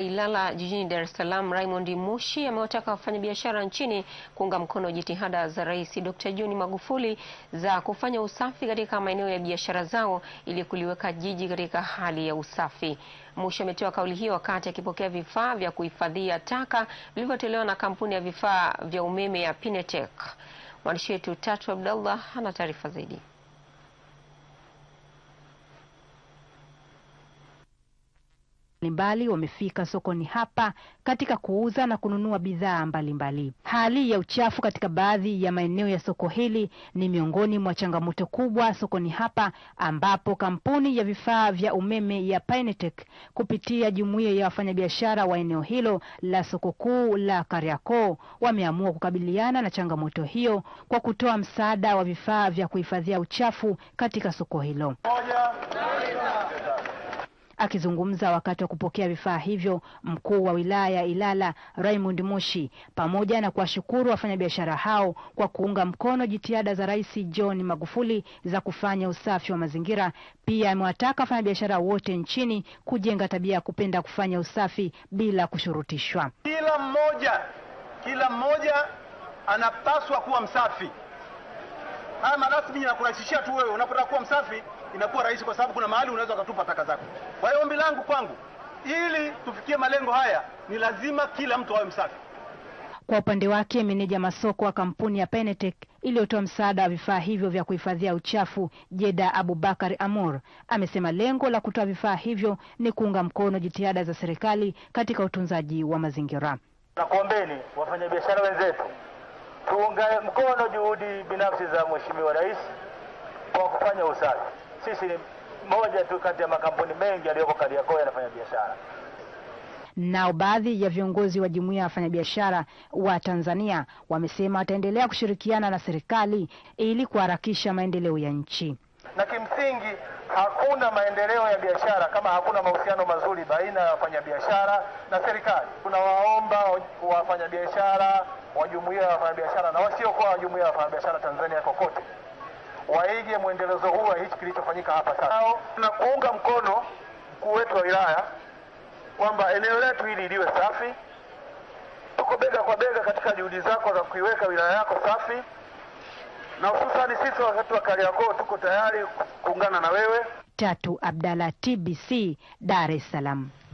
Ilala jijini Dar es Salaam Raymond Mushi amewataka wafanyabiashara nchini kuunga mkono jitihada za Rais Dr. John Magufuli za kufanya usafi katika maeneo ya biashara zao ili kuliweka jiji katika hali ya usafi. Mushi ametoa kauli hiyo wakati akipokea vifaa vya kuhifadhia taka vilivyotolewa na kampuni ya vifaa vya umeme ya Pinetech. Mwandishi wetu Tatu Abdallah ana taarifa zaidi. mbalimbali wamefika sokoni hapa katika kuuza na kununua bidhaa mbalimbali. Hali ya uchafu katika baadhi ya maeneo ya soko hili ni miongoni mwa changamoto kubwa sokoni hapa, ambapo kampuni ya vifaa vya umeme ya Pinetech kupitia jumuiya ya wafanyabiashara wa eneo hilo la soko kuu la Kariakoo wameamua kukabiliana na changamoto hiyo kwa kutoa msaada wa vifaa vya kuhifadhia uchafu katika soko hilo. Moja. Akizungumza wakati wa kupokea vifaa hivyo, mkuu wa wilaya ya Ilala Raymond Mushi, pamoja na kuwashukuru wafanyabiashara hao kwa kuunga mkono jitihada za Rais John Magufuli za kufanya usafi wa mazingira, pia amewataka wafanyabiashara wote nchini kujenga tabia ya kupenda kufanya usafi bila kushurutishwa. Kila mmoja, kila mmoja anapaswa kuwa msafi. Haya marasmi yanakurahisishia tu wewe, unapotaka kuwa msafi inakuwa rahisi, kwa sababu kuna mahali unaweza ukatupa taka zako. Kwa hiyo yangu kwangu, ili tufikie malengo haya ni lazima kila mtu awe msafi. Kwa upande wake, meneja masoko wa kampuni ya Penetec iliyotoa msaada wa vifaa hivyo vya kuhifadhia uchafu Jeda Abubakar Amor amesema lengo la kutoa vifaa hivyo ni kuunga mkono jitihada za serikali katika utunzaji wa mazingira. Nakuombeni wafanyabiashara wenzetu, tuunge mkono juhudi binafsi za Mheshimiwa Rais kwa kufanya usafi. Sisi moja tu kati ya makampuni mengi yaliyoko Kariakoo yanafanya biashara. Nao baadhi ya viongozi wa jumuiya ya wafanyabiashara wa Tanzania wamesema wataendelea kushirikiana na serikali ili kuharakisha maendeleo ya nchi. Na kimsingi hakuna maendeleo ya biashara kama hakuna mahusiano mazuri baina ya wafanyabiashara na serikali. Tunawaomba wafanyabiashara wa jumuiya ya wafanyabiashara na wasiokuwa wa jumuiya ya wafanyabiashara Tanzania kokote waige mwendelezo huu wa kilichofanyika hapa sasa, na kuunga mkono mkuu wetu wa wilaya kwamba eneo letu hili liwe safi. Tuko bega kwa bega katika juhudi zako za kuiweka wilaya yako safi, na hususani sisi watu wa Kariakoo tuko tayari kuungana na wewe. Tatu Abdalla, TBC, Dar es Salaam.